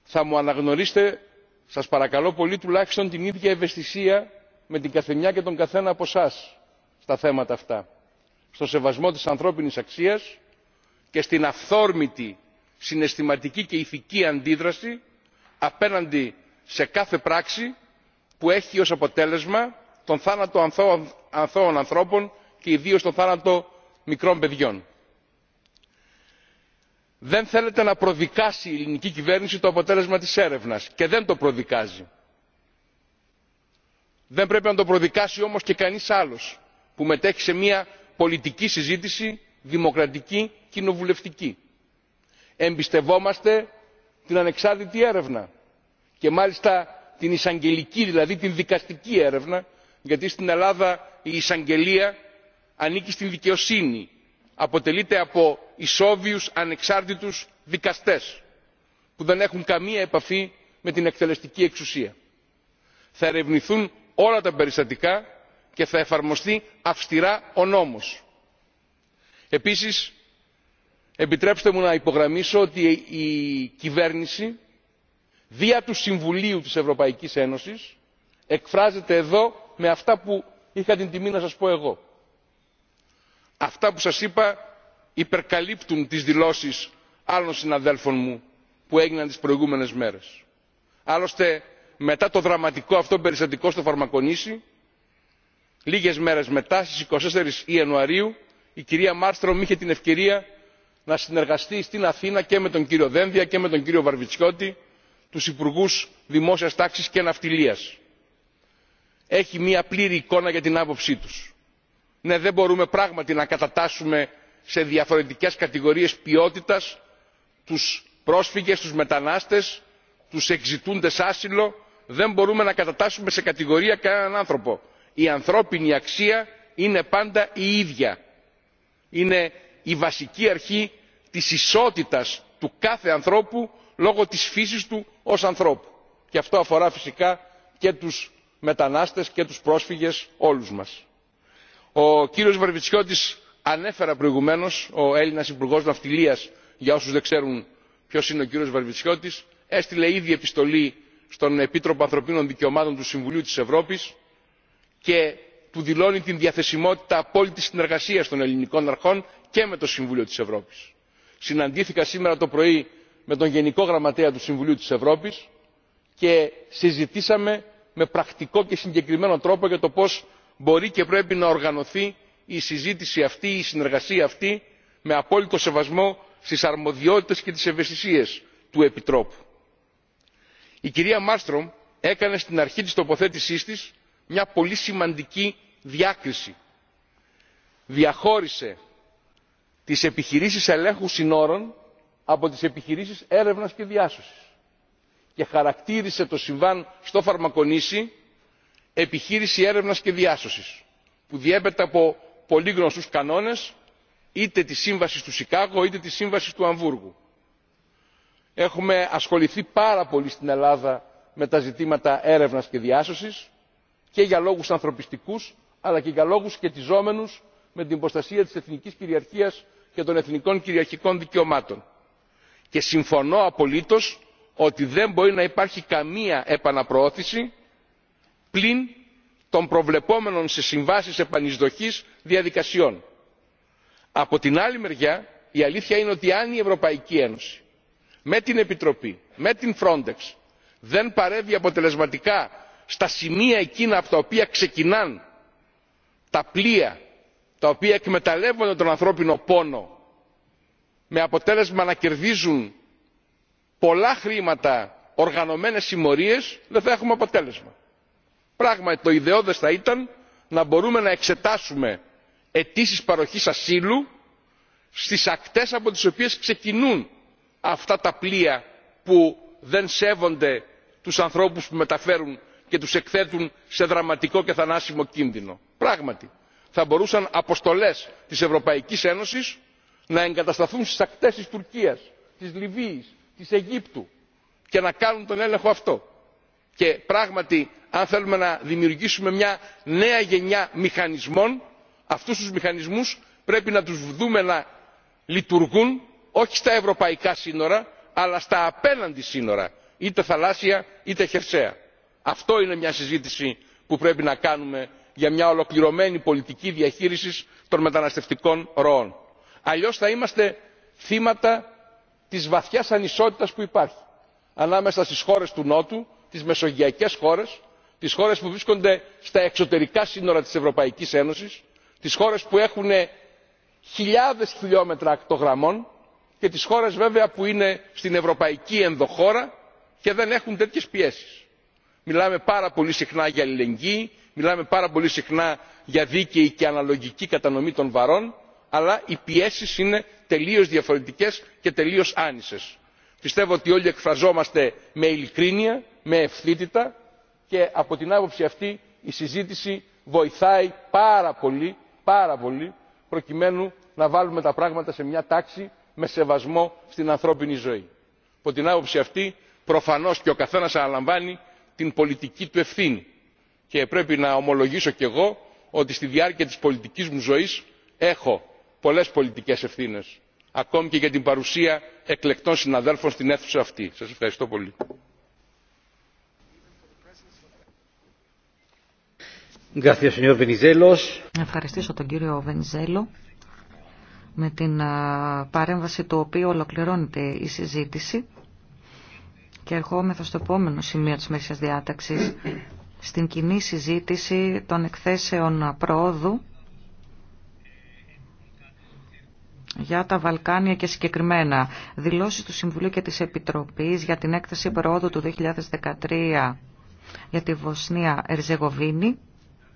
θα μου αναγνωρίσετε σας παρακαλώ πολύ τουλάχιστον την ίδια ευαισθησία με την καθεμιά και τον καθένα από εσά στα θέματα αυτά στο σεβασμό της ανθρώπινης αξίας και στην αυθόρμητη συναισθηματική και ηθική αντίδραση απέναντι σε κάθε πράξη που έχει ως αποτέλεσμα τον θάνατο ανθρώπων και ιδίως τον θάνατο μικρών παιδιών. δεν θέλετε να προδικάσει η ελληνική κυβέρνηση το αποτέλεσμα της έρευνας και δεν το προδικάζει δεν πρέπει να το προδικάσει όμως και κανείς άλλος που μετέχει σε μια πολιτική συζήτηση δημοκρατική κοινοβουλευτική. εμπιστευόμαστε την ανεξάρτητη έρευνα και μάλιστα την εισαγγελική δηλαδή την δικαστική έρευνα γιατί στην ελλάδα η εισαγγελία ανήκει στην δικαιοσύνη αποτελείται από ισόβιους ανεξάρτητους δικαστές που δεν έχουν καμία επαφή με την εκτελεστική εξουσία. θα ερευνηθούν όλα τα περιστατικά και θα εφαρμοστεί αυστηρά ο νόμος. επίσης επιτρέψτε μου να υπογραμμίσω ότι η κυβέρνηση δια του συμβουλίου της ευρωπαϊκής ένωσης εκφράζεται εδώ με αυτά που είχα την τιμή να σας πω εγώ. αυτά που σας είπα υπερκαλύπτουν τις δηλώσεις άλλων συναδέλφων μου που έγιναν τις προηγούμενες μέρες. άλλωστε μετά το δραματικό αυτό περιστατικό στο φαρμακονήσι λίγες μέρες μετά στις 24 Ιανουαρίου η κυρία Μάρστρομ είχε την ευκαιρία να συνεργαστεί στην Αθήνα και με τον κύριο Δένδια και με τον κύριο Βαρβιτσιώτη τους Υπουργούς Δημόσιας Τάξης και Ναυτιλίας. Έχει μια πλήρη εικόνα για την άποψή τους. Ναι, δεν μπορούμε πράγματι να κατατάσσουμε σε διαφορετικές κατηγορίες ποιότητας τους πρόσφυγες, τους μετανάστες, τους εξητούντες άσυλο δεν μπορούμε να κατατάσσουμε σε κατηγορία κανέναν άνθρωπο. η ανθρώπινη αξία είναι πάντα η ίδια. είναι η βασική αρχή της ισότητας του κάθε ανθρώπου λόγω της φύσης του ως ανθρώπου και αυτό αφορά φυσικά και τους μετανάστες και τους πρόσφυγες όλους μας. ο κύριος βαρβιτσιώτης ανέφερα προηγουμένως ο έλληνας υπουργός ναυτιλίας για όσους δεν ξέρουν ποιος είναι ο κύριος βαρβιτσιώτης έστειλε ήδη επιστολή στον επίτροπο ανθρωπίνων δικαιωμάτων του συμβουλίου της ευρώπης και του δηλώνει την διαθεσιμότητα απόλυτη συνεργασία των ελληνικών αρχών και με το συμβούλιο της ευρώπης. συναντήθηκα σήμερα το πρωί με τον γενικό γραμματέα του συμβουλίου της ευρώπης και συζητήσαμε με πρακτικό και συγκεκριμένο τρόπο για το πώς μπορεί και πρέπει να οργανωθεί η συζήτηση αυτή η συνεργασία αυτή με απόλυτο σεβασμό στις αρμοδιότητες και τις ευαισθησίες του επιτρόπου η κυρία Μάστρομ έκανε στην αρχή της τοποθέτησής της μια πολύ σημαντική διάκριση διαχώρισε τις επιχειρήσεις ελέγχου συνόρων από τις επιχειρήσεις έρευνας και διάσωσης και χαρακτήρισε το συμβάν στο φαρμακονήσι επιχείρηση έρευνας και διάσωσης που διέπεται από πολύ γνωστούς κανόνες είτε της σύμβασης του σικάγο είτε της σύμβασης του αμβούργου έχουμε ασχοληθεί πάρα πολύ στην ελλάδα με τα ζητήματα έρευνας και διάσωσης και για λόγους ανθρωπιστικούς αλλά και για λόγους σχετιζόμενους με την προστασία της εθνικής κυριαρχίας και των εθνικών κυριαρχικών δικαιωμάτων. και συμφωνώ απολύτως ότι δεν μπορεί να υπάρχει καμία επαναπροώθηση πλην των προβλεπόμενων σε συμβάσεις επανεισδοχής διαδικασιών. από την άλλη μεριά η αλήθεια είναι ότι αν η ευρωπαϊκή ένωση με την επιτροπή με την frontex δεν παρεύει αποτελεσματικά στα σημεία εκείνα από τα οποία ξεκινάνε τα πλοία τα οποία εκμεταλλεύονται τον ανθρώπινο πόνο με αποτέλεσμα να κερδίζουν πολλά χρήματα οργανωμένες συμμορίες δεν θα έχουμε αποτέλεσμα. πράγματι το ιδεώδες θα ήταν να μπορούμε να εξετάσουμε αιτήσει παροχής ασύλου στις ακτές από τις οποίες ξεκινούν αυτά τα πλοία που δεν σέβονται τους ανθρώπους που μεταφέρουν και τους εκθέτουν σε δραματικό και θανάσιμο κίνδυνο. πράγματι θα μπορούσαν αποστολές της ευρωπαϊκής ένωσης να εγκατασταθούν στις ακτές της τουρκίας της λιβύης της αιγύπτου και να κάνουν τον έλεγχο αυτό. και πράγματι αν θέλουμε να δημιουργήσουμε μια νέα γενιά μηχανισμών αυτούς τους μηχανισμούς πρέπει να τους δούμε να λειτουργούν όχι στα ευρωπαϊκά σύνορα αλλά στα απέναντι σύνορα είτε θαλάσσια είτε χερσαία. αυτό είναι μια συζήτηση που πρέπει να κάνουμε για μια ολοκληρωμένη πολιτική διαχείριση των μεταναστευτικών ροών. Αλλιώ θα είμαστε θύματα της βαθιά ανισότητας που υπάρχει ανάμεσα στι χώρε του νότου τι μεσογειακές χώρε, τις χώρες που βρίσκονται στα εξωτερικά σύνορα της ευρωπαϊκής ένωσης τις χώρες που έχουν χιλιάδες χιλιόμετρα ακτογραμμών και τις χώρες βέβαια που είναι στην ευρωπαϊκή ενδοχώρα και δεν έχουν τέτοιες πιέσεις. μιλάμε πάρα πολύ συχνά για αλληλεγγύη μιλάμε πάρα πολύ συχνά για δίκαιη και αναλογική κατανομή των βαρών αλλά οι πιέσεις είναι τελείως διαφορετικές και τελείως άνισες. πιστεύω ότι όλοι εκφραζόμαστε με ειλικρίνεια με ευθύτητα και από την άποψη αυτή η συζήτηση βοηθάει πάρα πολύ, πάρα πολύ προκειμένου να βάλουμε τα πράγματα σε μια τάξη με σεβασμό στην ανθρώπινη ζωή. από την άποψη αυτή προφανώς και ο καθένας αναλαμβάνει την πολιτική του ευθύνη και πρέπει να ομολογήσω κι εγώ ότι στη διάρκεια της πολιτικής μου ζωής έχω πολλές πολιτικές ευθύνες ακόμη και για την παρουσία εκλεκτών συναδέλφων στην αίθουσα αυτή. σας ευχαριστώ πολύ.
τον κύριο Βενιζέλο με την παρέμβαση του οποίου ολοκληρώνεται η συζήτηση και ερχόμεθα στο επόμενο σημείο της μέσης διάταξης στην κοινή συζήτηση των εκθέσεων προόδου για τα Βαλκάνια και συγκεκριμένα δηλώσεις του Συμβουλίου και της Επιτροπής για την έκθεση προόδου του 2013 για τη Βοσνία Ερζεγοβίνη